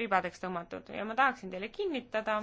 ribadeks tõmmatud ja ma tahaksin teile kinnitada,